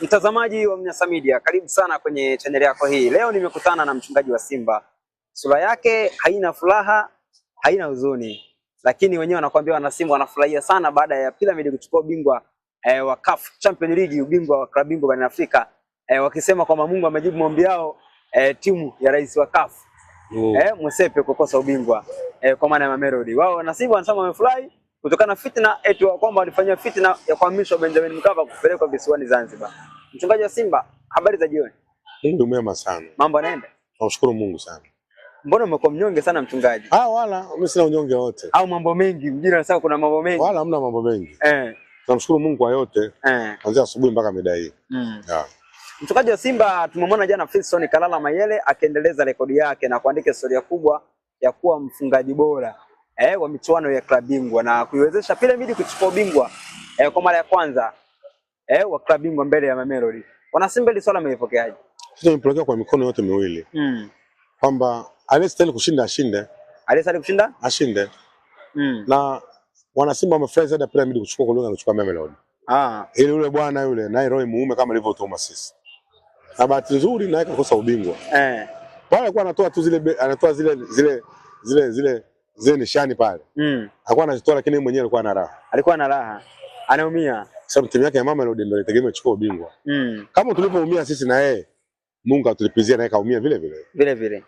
Mtazamaji wa Mnyasa Media, karibu sana kwenye chaneli yako hii. Leo nimekutana na mchungaji wa Simba. Sura yake haina furaha, haina huzuni, lakini wenyewe wanakuambia wana Simba wanafurahia sana baada ya Piramidi kuchukua ubingwa eh, wa CAF Champions League, ubingwa wa klabu bingwa barani Afrika eh, wakisema kwamba Mungu amejibu maombi yao eh, timu ya rais wa CAF mm. eh, Mwesepe kukosa ubingwa eh, kwa maana ya Mamelodi. Wao wana Simba wanasema wamefurahi kutokana fitna eti kwamba walifanya fitna ya kuhamishwa Benjamin Mkapa kupelekwa visiwani Zanzibar. Mchungaji wa Simba, habari za jioni. Hii umema sana. Mambo yanaenda? Tunashukuru Mungu sana. Mbona umekuwa mnyonge sana mchungaji? Ah, wala mimi sina unyonge wote. Au mambo mengi, mjira sasa kuna mambo mengi. Wala hamna mambo mengi. Eh. Tunamshukuru Mungu kwa yote. Eh. Kuanzia asubuhi mpaka mida hii. Mm. Yeah. Mchungaji wa Simba tumemwona jana Fiston Kalala Mayele akiendeleza rekodi yake na kuandika historia kubwa ya kuwa mfungaji bora eh, wa michuano ya klabu bingwa na kuiwezesha Pyramids kuchukua ubingwa eh, kwa mara ya kwanza eh, wa klabu bingwa mbele ya Mamelodi. Wanasimba hili swala mmelipokeaje? Sisi tumepokea kwa mikono yote miwili mm. kwamba aliyestahili kushinda ashinde, aliyestahili kushinda ashinde mm. na wana wanasimba wamefurahi zaidi Pyramids kuchukua kuliko kuchukua Mamelodi ah. Ile yule bwana yule naye roho muume kama Thomas sisi na bahati nzuri naye kakosa ubingwa eh. pale alikuwa anatoa tu zile anatoa zile zile zile zile zile zile nishani pale. Mm. Hakuwa anajitoa lakini yeye mwenyewe alikuwa na raha. Alikuwa na raha. Anaumia. Sababu timu yake ya mama ndio ndio itegemea kuchukua ubingwa. Mm. Kama tulipoumia sisi na yeye Mungu atulipizia na yeye kaumia vile vile. Vile vile.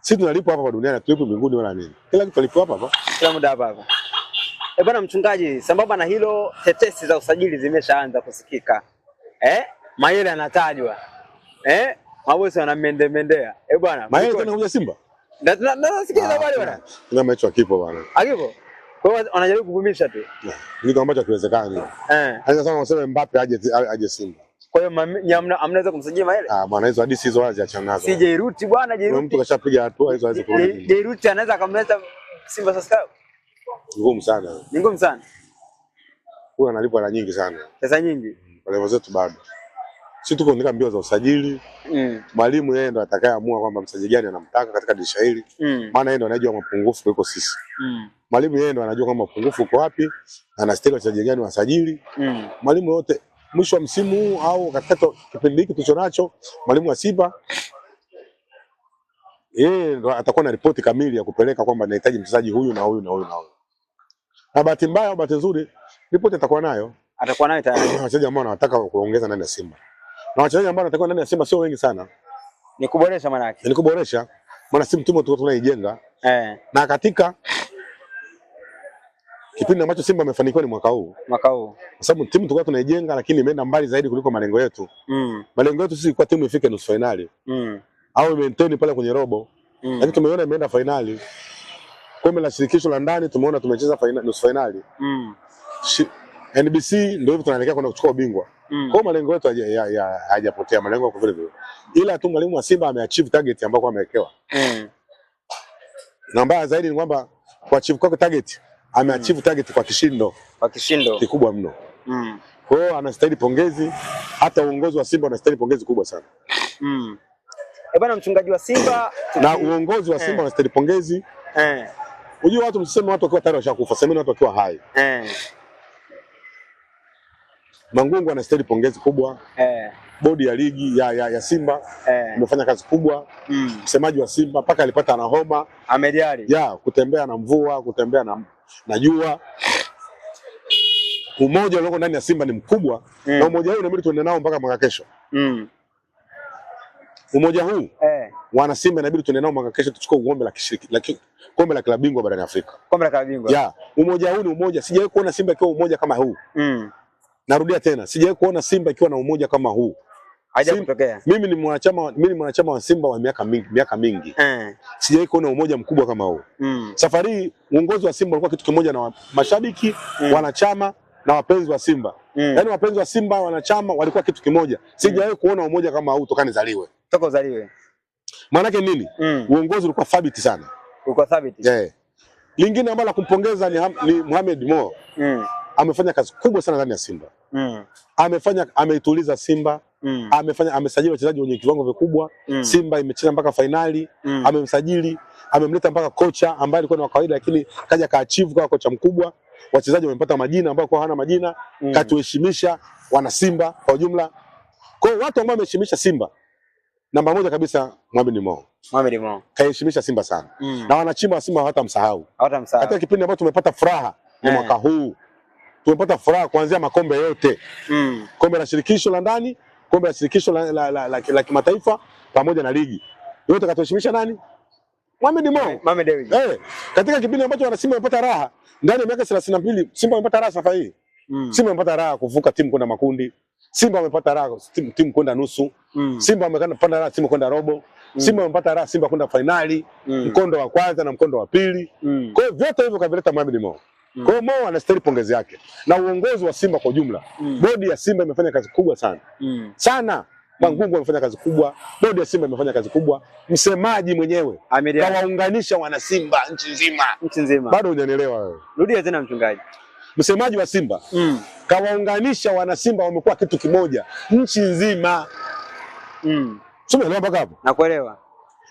Sisi tunalipo hapa kwa duniani, tulipo mbinguni wala nini. Kila kitu alipo hapa hapa. Kila muda hapa hapa. Eh, bwana mchungaji, sambamba na hilo tetesi za usajili zimeshaanza kusikika. Eh? Mayele anatajwa. Eh? Mabosi wanamendemendea. Eh bwana. Mayele tena kuja Simba? Na na nasikia habari ah, bwana. Ngoma hicho kipo bwana. Akipo? Kwa hiyo wanajaribu kuvumisha tu. Kitu ambacho hakiwezekani. Eh. Hata sana wanasema Mbappe aje aje Simba. Kwa hiyo hamnaweza kumsajili Maele? Ah, bwana hizo hadithi hizo wazi achana nazo. Si Jairuti bwana Jairuti. Mtu kashapiga hatua hizo hawezi kurudi. Jairuti anaweza akamleta Simba sasa Ngumu sana. Ni ngumu sana. Huyo analipwa hela nyingi sana. Pesa nyingi. Kwa zetu bado si tuko katika mbio za usajili mm. Mwalimu yeye ndo atakayeamua kwamba mchezaji gani anamtaka katika dirisha hili mm. Maana yeye ndo anajua mapungufu kuliko sisi mm. Mwalimu yeye ndo anajua kama mapungufu uko wapi, na anastahili wachezaji gani wasajili mm. Mwalimu yote mwisho wa msimu huu au katika kipindi hiki tulicho nacho, mwalimu wa Simba yeye ndo atakuwa na ripoti kamili ya kupeleka kwamba nahitaji mchezaji huyu na huyu na huyu na huyu, na bahati mbaya au bahati nzuri ripoti atakuwa nayo, atakuwa nayo tayari wachezaji ambao wanataka kuongeza ndani ya Simba na wachezaji ambao natakiwa ndani ya Simba sio wengi sana, ni kuboresha maana yake, ni kuboresha maana Simba timu tu tunaijenga eh. Na katika kipindi ambacho Simba amefanikiwa ni mwaka huu, mwaka huu, kwa sababu timu tulikuwa tunaijenga, lakini imeenda mbali zaidi kuliko malengo yetu mm. Malengo yetu sisi ilikuwa timu ifike nusu finali mm. au maintain pale kwenye robo mm. Lakini tumeona imeenda finali, kombe la shirikisho la ndani tumeona tumecheza finali, nusu finali mm. NBC ndio hivyo tunaelekea kwenda kuchukua ubingwa Mm. Kwa malengo yetu hajapotea malengo yako vile vile. Ila tu mwalimu wa Simba ameachieve target ambayo amewekewa. Mm. Na mbaya zaidi ni kwamba kwa achieve kwake target ameachieve mm. target kwa kishindo. Kwa kishindo. Kikubwa mno. Mm. Kwa hiyo anastahili pongezi, hata uongozi wa Simba unastahili pongezi kubwa sana. Mm. E bwana mchungaji wa Simba na uongozi wa eh. Simba eh. unastahili pongezi. Eh. Unajua watu msiseme watu wakiwa tayari washakufa, semeni watu wakiwa hai. Eh. Mangungu anastahili pongezi kubwa eh. Bodi ya ligi ya, ya, ya Simba umefanya eh, kazi kubwa mm. Msemaji wa Simba mpaka alipata na homa amejali ya kutembea na mvua, kutembea na, na jua. Umoja ulioko ndani ya Simba ni mkubwa mm. Na umoja huu inabidi tuende nao mpaka mwaka kesho mm. Umoja huu eh, wana Simba inabidi tuende nao mpaka kesho tuchukue kombe la kishiriki la kombe la klabu bingwa barani Afrika, kombe la klabu bingwa ya umoja huu ni umoja, sijawahi kuona Simba ikiwa umoja kama huu mm. Narudia tena, sijawahi kuona Simba ikiwa na umoja kama huu. Haja kutokea. Mimi ni mwanachama mimi ni mwanachama wa Simba wa miaka mingi, miaka mingi. Eh. Sijawahi kuona umoja mkubwa kama huu. Mm. Safari hii uongozi wa Simba ulikuwa kitu kimoja na mashabiki, mm. wanachama na wapenzi wa Simba. Mm. Yaani wapenzi wa Simba wanachama walikuwa kitu kimoja. Sijawahi kuona umoja kama huu toka nizaliwe. Toka uzaliwe. Maana yake nini? Mm. Uongozi ulikuwa thabiti sana. Ulikuwa thabiti. Eh. Yeah. Lingine ambalo kumpongeza ni, ni Mohamed Mo. Mm amefanya kazi kubwa sana ndani ya Simba mm. amefanya ameituliza Simba mm. amefanya amesajili wachezaji wenye kiwango vikubwa mm. Simba imecheza mpaka fainali mm. amemsajili, amemleta mpaka kocha ambaye alikuwa ni wa kawaida, lakini kaja kaachivu kwa kocha mkubwa. Wachezaji wamepata majina ambayo kwa hana majina mm. katuheshimisha wana Simba kwa ujumla. Kwa hiyo watu ambao wameheshimisha Simba namba moja kabisa Mohamed Mo. Mohamed Mo. Kaheshimisha Simba sana. Mm. Na wanachimba wa Simba hawatamsahau. Hawatamsahau. Hata kipindi ambacho tumepata furaha ni eh. mwaka huu tumepata furaha kuanzia makombe yote mm. kombe la shirikisho la ndani, kombe la shirikisho la, la, la, la, la kimataifa pamoja na ligi yote. Katuheshimisha nani? Mohamed Mo, eh, Mohamed Dewji. Eh, katika kipindi ambacho wana Simba wamepata raha ndani ya miaka 32 Simba wamepata raha safari hii mm. Simba wamepata raha kuvuka timu kwenda makundi Simba wamepata raha timu, timu kwenda nusu mm. Simba wamepata raha timu kwenda robo mm. Simba wamepata raha Simba kwenda finali, mm. mkondo wa kwanza na mkondo wa pili mm. kwa hiyo vyote hivyo kavileta Mohamed Mo Mm. Kwa hiyo Mo anastahili pongezi yake na uongozi wa Simba kwa ujumla. Mm. Bodi ya Simba imefanya kazi kubwa sana. Mm. Sana. Mm. Mangungu amefanya kazi kubwa, bodi ya Simba imefanya kazi kubwa, msemaji mwenyewe kawaunganisha wana Simba nchi nzima. Nchi nzima. Bado hujanielewa wewe. Rudia tena mchungaji. Msemaji wa Simba mm. kawaunganisha wana Simba wamekuwa kitu kimoja nchi nzima. Mm. Sio mpaka hapo. Nakuelewa.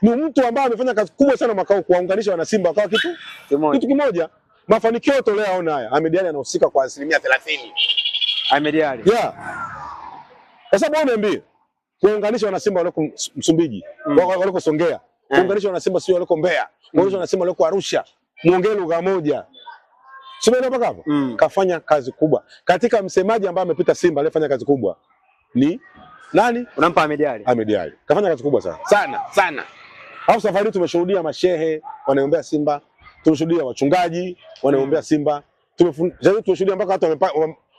Ni mtu ambaye amefanya kazi kubwa sana makao kuwaunganisha wana Simba wakawa kitu kimoja. Kitu kimoja mafanikio yotolea yatoleaona haya, Ahmed Ally anahusika kwa asilimia thelathini. Ahmed Ally yeah. Sasa bwana niambie, kuunganisha wanasimba walioko Msumbiji mm. waliko Songea mm. kuunganisha wanasimba sio walioko Mbeya mm. kuunganisha mm. wanasimba walioko Arusha, muongee lugha moja Simba mpaka hapo mm. kafanya kazi kubwa. Katika msemaji ambaye amepita Simba aliyefanya kazi kubwa ni nani? Unampa Ahmed Ally. Ahmed Ally kafanya kazi kubwa sana sana sana, au safari tumeshuhudia mashehe wanaombea Simba tumeshuhudia wachungaji wanaombea mm. Simba, tumeshuhudia mpaka watu wamepaka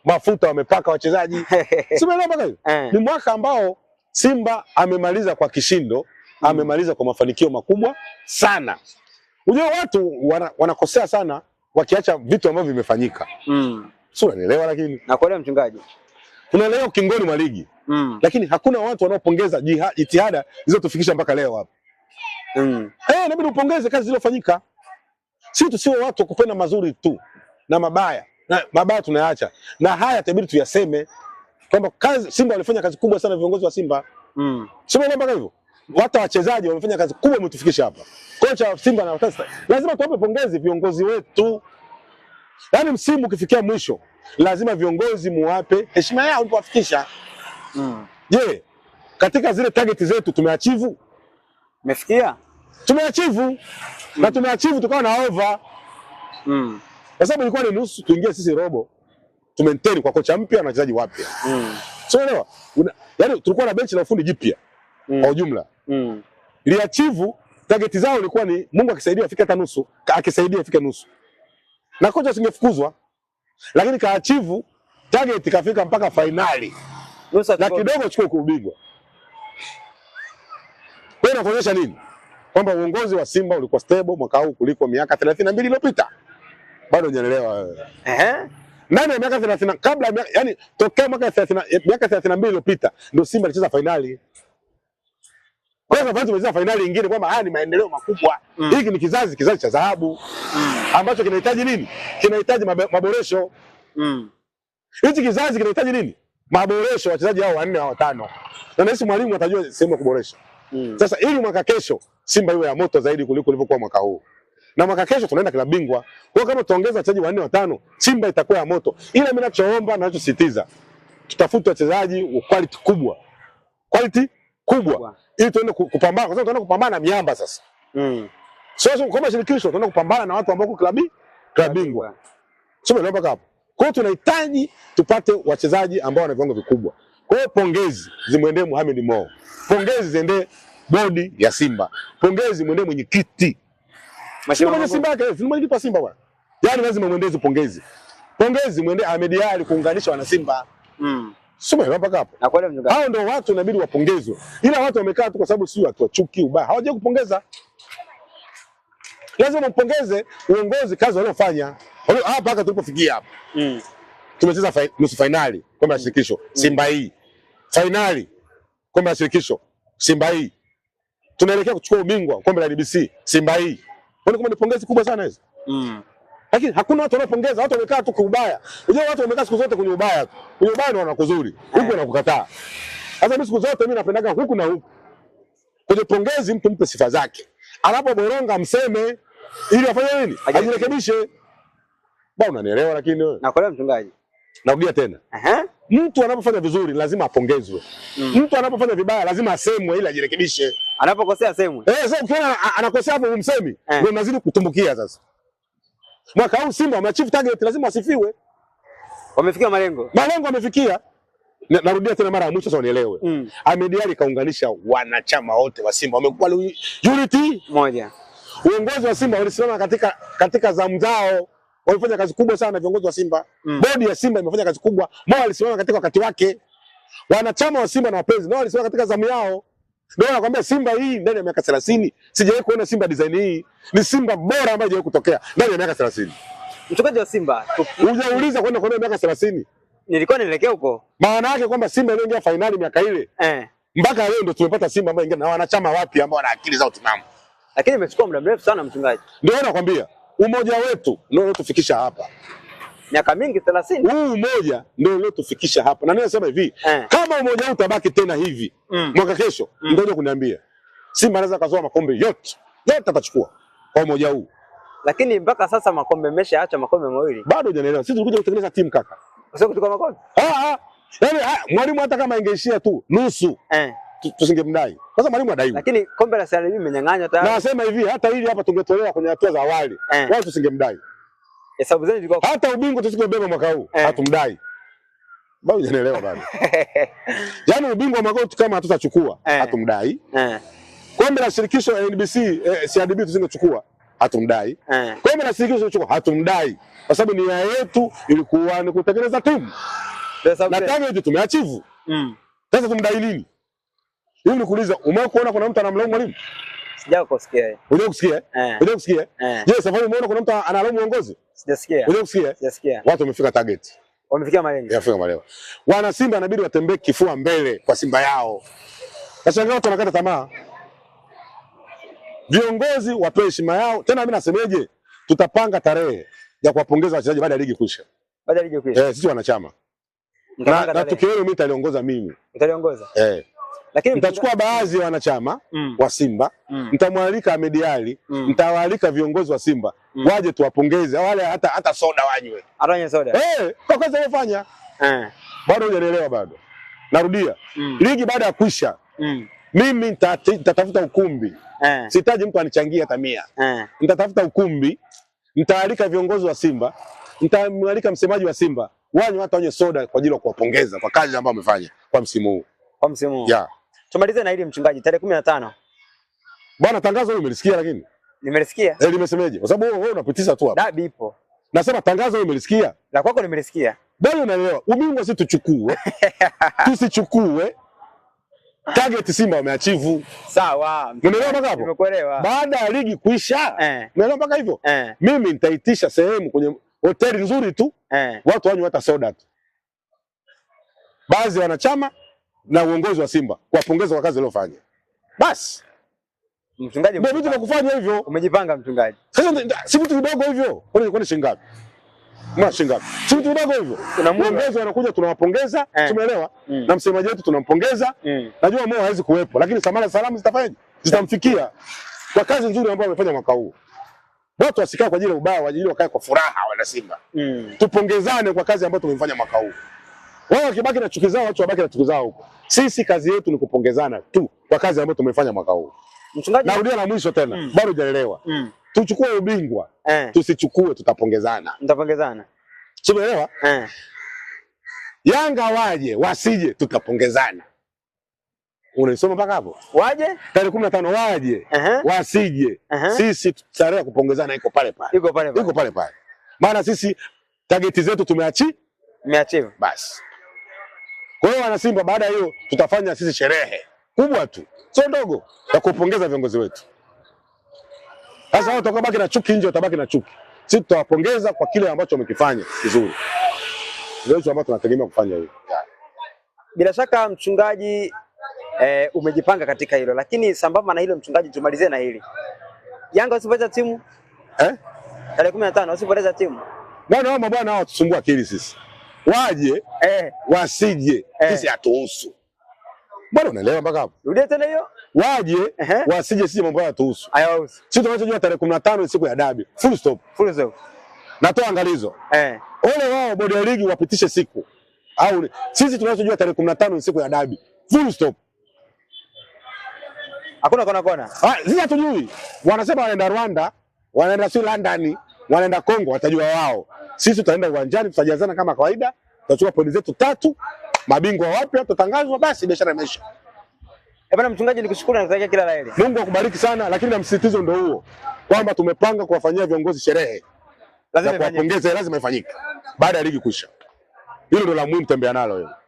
mafuta wamepaka wachezaji Simba mpaka hiyo eh. ni mwaka ambao Simba amemaliza kwa kishindo, mm. amemaliza kwa mafanikio makubwa sana. Unajua watu wana, wanakosea sana wakiacha vitu ambavyo vimefanyika mm. Si unanielewa? Lakini na kwa mchungaji tunaelewa ukingoni mwa ligi mm. Lakini hakuna watu wanaopongeza jitihada zilizotufikisha mpaka leo hapa mm. Eh, nabidi upongeze kazi zilizofanyika sisi tusiwe watu kupenda mazuri tu na mabaya na eh. mabaya tunayaacha, na haya itabidi tuyaseme kwamba kazi Simba walifanya kazi kubwa sana, viongozi wa Simba mm. Sema mpaka hivyo hata wachezaji wamefanya kazi kubwa, umetufikisha hapa. Kocha wa Simba na Wakasta, lazima tuwape pongezi viongozi wetu. Yaani msimu ukifikia mwisho, lazima viongozi muwape heshima yao ulipowafikisha. Mm. Je, mm. yeah. katika zile target zetu tumeachivu, umefikia tumeachivu na tumeachivu tukawa na over mm. kwa sababu ilikuwa ni nusu tuingie sisi robo, tumaintain kwa kocha mpya na wachezaji wapya mm. so unaelewa, yaani tulikuwa na benchi la ufundi jipya mm. kwa ujumla mm. liachivu target zao ilikuwa ni Mungu akisaidia afike hata nusu, akisaidia afike nusu, na kocha asingefukuzwa, lakini kaachivu target kafika mpaka finali nusu na kidogo chukua ubingwa. Wewe unakuonyesha nini? kwamba uongozi wa Simba ulikuwa stable mwaka huu kuliko miaka 32 iliyopita. Bado hujanielewa wewe. Ehe. Ndani ya miaka 30 kabla ya yani tokea mwaka 30 eh, miaka 32 iliyopita ndio Simba alicheza finali. Kwa sababu tumecheza finali nyingine kwamba haya ah, ni maendeleo makubwa. Mm. Hiki ni kizazi kizazi cha dhahabu. Mm. Ambacho kinahitaji nini? Kinahitaji maboresho. Mm. Hiki kizazi kinahitaji nini? Maboresho wachezaji hao wanne au watano. Na nahisi mwalimu atajua sehemu ya kuboresha. Mm. Sasa ili mwaka kesho Simba iwe ya moto zaidi kuliko ilivyokuwa mwaka huu. Na mwaka kesho tunaenda klabu bingwa. Kwa kama tutaongeza wachezaji wanne watano, Simba itakuwa ya moto. Ila mimi ninachoomba na ninachositiza tutafute wachezaji wa quality kubwa. Quality kubwa ili tuende kupambana kwa sababu tunaenda kupambana na miamba sasa. Mm. Sio so, kama shirikisho tunaenda kupambana na watu ambao kwa klabu klabu bingwa. Sio, mbona hapo. Kwa hiyo tunahitaji tupate wachezaji ambao wana viwango vikubwa. Kwa hiyo pongezi zimwendee Mohamed Mo, pongezi ziendee bodi ya Simba, pongezi zimwendee mwenyekiti mwenye Simba yake mwenyekiti wa Simba bwana, yaani lazima mwendezi pongezi, pongezi mwendee Ahmed Ali kuunganisha wana Simba mm. Sio mpaka hapo. Hao ndio watu inabidi wapongezwe, ila watu wamekaa tu kwa sababu si watu wachuki ubaya, hawajui kupongeza. Lazima mpongeze uongozi kazi waliofanya hapa mpaka tulipofikia hapa mm. Tumecheza nusu fainali kombe la mm. shirikisho mm. Simba hii fainali kombe la shirikisho Simba hii tunaelekea kuchukua ubingwa kombe la NBC Simba hii. Unaona kama ni pongezi kubwa sana hizi Mm. Lakini hakuna watu wanaopongeza, watu wamekaa tu kwa ubaya. Unajua watu wamekaa siku zote kwenye ubaya tu. Kwenye ubaya ndio wanakuzuri, huku eh. wanakukataa. Sasa mimi siku zote mimi napendaga huku na huku. Kwenye pongezi mtu mpe sifa zake. Anapoboronga mseme ili afanye nini? Ajirekebishe. Bwana unanielewa lakini wewe. Nakuelewa mchungaji. Narudia tena. Aha. Uh -huh. Mtu anapofanya vizuri lazima apongezwe. Mm. Mtu anapofanya vibaya lazima asemwe ili ajirekebishe. Anapokosea semwe. Eh, sasa ukiona anakosea hapo umsemi, ndio eh, unazidi kutumbukia sasa. Mwaka huu Simba wa chief target, lazima asifiwe. Wamefikia malengo. Malengo wamefikia. Narudia tena mara ya mwisho sasa unielewe. Mm. Ahmed Ally kaunganisha wanachama wote wa Simba. Wamekuwa unity moja. Uongozi wa Simba walisimama katika katika zamu zao walifanya kazi kubwa sana viongozi wa Simba mm. Bodi ya Simba imefanya kazi kubwa, nao walisimama katika wakati wake. Wanachama wa Simba na wapenzi nao walisimama katika zamu yao. Ndio nakwambia Simba hii ndani ya miaka 30 sijawahi kuona Simba design hii. Ni Simba bora ambayo haijawahi kutokea ndani ya miaka 30. Mchungaji wa Simba, hujauliza kwenda kwa miaka 30. Nilikuwa nielekea huko. Maana yake kwamba Simba iliyoingia fainali miaka ile. Eh. Mpaka leo ndio tumepata Simba ambayo ingia na wanachama wapi ambao wana akili zao timamu. Lakini imechukua muda mrefu sana mchungaji. Ndio nakwambia. Umoja wetu ndio uliotufikisha hapa miaka mingi 30. Huu umoja ndio uliotufikisha hapa, na mimi nasema hivi eh, kama umoja huu utabaki tena hivi mm, mwaka kesho mm, ndio kuniambia, Simba anaweza kazoa makombe yote yote atachukua kwa umoja huu, lakini mpaka sasa makombe mmeshaacha makombe mawili, bado hujanielewa. Sisi tulikuja kutengeneza timu kaka, sio kuchukua makombe. Ah ah, yaani ah, mwalimu hata kama ingeishia tu nusu eh tusingemdai. Sasa mwalimu adaiwa. Lakini kombe la CRDB limenyang'anywa tayari. Na nasema hivi hata hili hapa tungetolewa kwenye hatua za awali. Eh. Wao tusingemdai. Hesabu zenu zilikuwa hata ubingwa tusingebeba mwaka huu. Eh. Hatumdai. Bado hujanielewa bado. Yaani ubingwa wa magoti kama hatutachukua, eh. hatumdai. Eh. Kombe la shirikisho NBC eh, CRDB tusingechukua hatumdai. Eh. Kombe la shirikisho tusingechukua hatumdai. Kwa sababu nia yetu ilikuwa ni kutengeneza timu. Na tangu hiyo tumeachivu. Mm. Sasa tumdai nini? Hivi nikuuliza, umewahi kuona kuna mtu anamlaumu mwalimu? Sijao kusikia. Unajua kusikia? Eh. Unajua kusikia? Eh. Je, safari umeona kuna mtu analaumu uongozi? Sijasikia. Unajua kusikia? Sijasikia. Watu wamefika target. Wamefikia malengo. Wamefika malengo. Wana Simba inabidi watembee kifua mbele kwa Simba yao. Sasa ngao tunakata tamaa. Viongozi wapewe heshima yao. Tena mimi nasemeje? Tutapanga tarehe ya kuwapongeza wachezaji baada ya ligi kuisha. Baada ya ligi kuisha. Eh, sisi wanachama. Na, na tukio hilo mimi nitaliongoza mimi. Nitaliongoza. Eh. Lakini mtachukua baadhi ya wanachama mm. wa Simba mm. mtamwalika Ahmed Ally mm. mtawaalika viongozi wa Simba mm. waje tuwapongeze, wale hata hata soda wanywe, hata atanye soda eh, kwa kwanza wafanya eh, bado hujanielewa bado. Narudia mm. ligi baada ya kuisha mm. mimi nitatafuta ukumbi eh. sitaji mtu anichangie hata 100 eh. nitatafuta ukumbi, nitaalika viongozi wa Simba, nitamwalika msemaji wa Simba wanywe, hata wanywe soda kwa ajili ya kuwapongeza kwa kazi ambayo wamefanya kwa msimu huu kwa msimu huu yeah. Tumalize na hili mchungaji, tarehe 15. Bwana, tangazo hilo umelisikia lakini? Nimelisikia. Eh, limesemeje? Kwa sababu wewe unapitisha tu hapa. Dabi ipo. Nasema tangazo hilo umelisikia? La kwako nimelisikia. Dabi unaelewa, ubingwa si tuchukue. Tusichukue. Target Simba wameachivu. Sawa. Umeelewa mpaka hapo? Nimekuelewa. Baada ya ligi kuisha. Eh. Umeelewa mpaka hivyo? Eh. Mimi nitaitisha sehemu kwenye hoteli nzuri tu. Eh. Watu wanywe hata soda tu. Baadhi wanachama na uongozi wa Simba kuwapongeza kwa kazi aliyofanya. Basi mchungaji, ndio vitu vya kufanya hivyo. Umejipanga mchungaji, sasa si vitu vidogo hivyo. Kwani kwani shilingi ngapi? Ma shilingi ngapi? Si vitu vidogo hivyo. Tunamuongeza, wanakuja tunawapongeza eh. Tumeelewa mm. na msemaji wetu tunampongeza mm. Najua Mo hawezi kuwepo, lakini samara salamu zitafanya zitamfikia kwa kazi nzuri ambayo amefanya mwaka huu. Watu wasikae kwa ajili ya ubaya, wajili wakae kwa furaha, wana Simba mm. tupongezane kwa kazi ambayo tumefanya mwaka huu. Wao wakibaki na chuki zao, watu wabaki na chuki zao huko. Sisi kazi yetu ni kupongezana tu kwa kazi ambayo tumefanya mwaka huu. Mchungaji, narudia na mwisho tena, mm. bado hujaelewa. Mm. Tuchukue ubingwa, eh. Tusichukue, tutapongezana. tutapongezana, Simeelewa? Eh. Yanga waje, wasije, tutapongezana. Unaisoma mpaka hapo? Waje? Tarehe 15 waje, uh -huh. wasije. Uh -huh. Sisi tarehe ya kupongezana iko pale pale. Iko pale pale. Iko pale pale. Maana sisi targeti zetu tumeachi? Tumeachiwa. Basi. Kwa hiyo wana Simba, baada ya hiyo tutafanya sisi sherehe kubwa tu, sio ndogo, ya kupongeza viongozi wetu. Sasa wao watabaki na chuki nje, watabaki na chuki. Sisi tutawapongeza kwa kile ambacho wamekifanya vizuri, ndio hicho ambacho tunategemea kufanya hiyo. Bila shaka mchungaji, eh, umejipanga katika hilo, lakini sambamba na hilo mchungaji, tumalizie na hili Yanga wasipoteza timu eh, tarehe 15 wasipoteza timu bwana, wao mabwana hao watusumbua akili sisi waje eh, wasije eh, sisi hatuhusu bado, unaelewa mpaka hapo? Rudia tena hiyo, waje uh -huh. wasije, sisi mambo hayatuhusu, hayahusu sisi. Tunachojua tarehe 15 ni siku ya dabi, full stop, full stop. Natoa angalizo eh, ole wao, bodi ya ligi wapitishe siku au sisi tunachojua tarehe 15 ni siku ya dabi, full stop. Hakuna kona kona, ah, sisi hatujui. Wanasema waenda Rwanda, wanaenda si London wanaenda Kongo watajua wao, sisi tutaenda uwanjani, tutajazana kama kawaida, tutachukua pointi zetu tatu, mabingwa wapya tutatangazwa, basi biashara imeisha. Eh, bwana mchungaji, nikushukuru na kutakia kila la heri. Mungu akubariki sana, lakini na msisitizo ndio huo kwamba tumepanga kuwafanyia viongozi sherehe, lazima ifanyike. lazima ifanyike baada ya ligi kuisha. Hilo ndio la muhimu, tembea nalo hilo.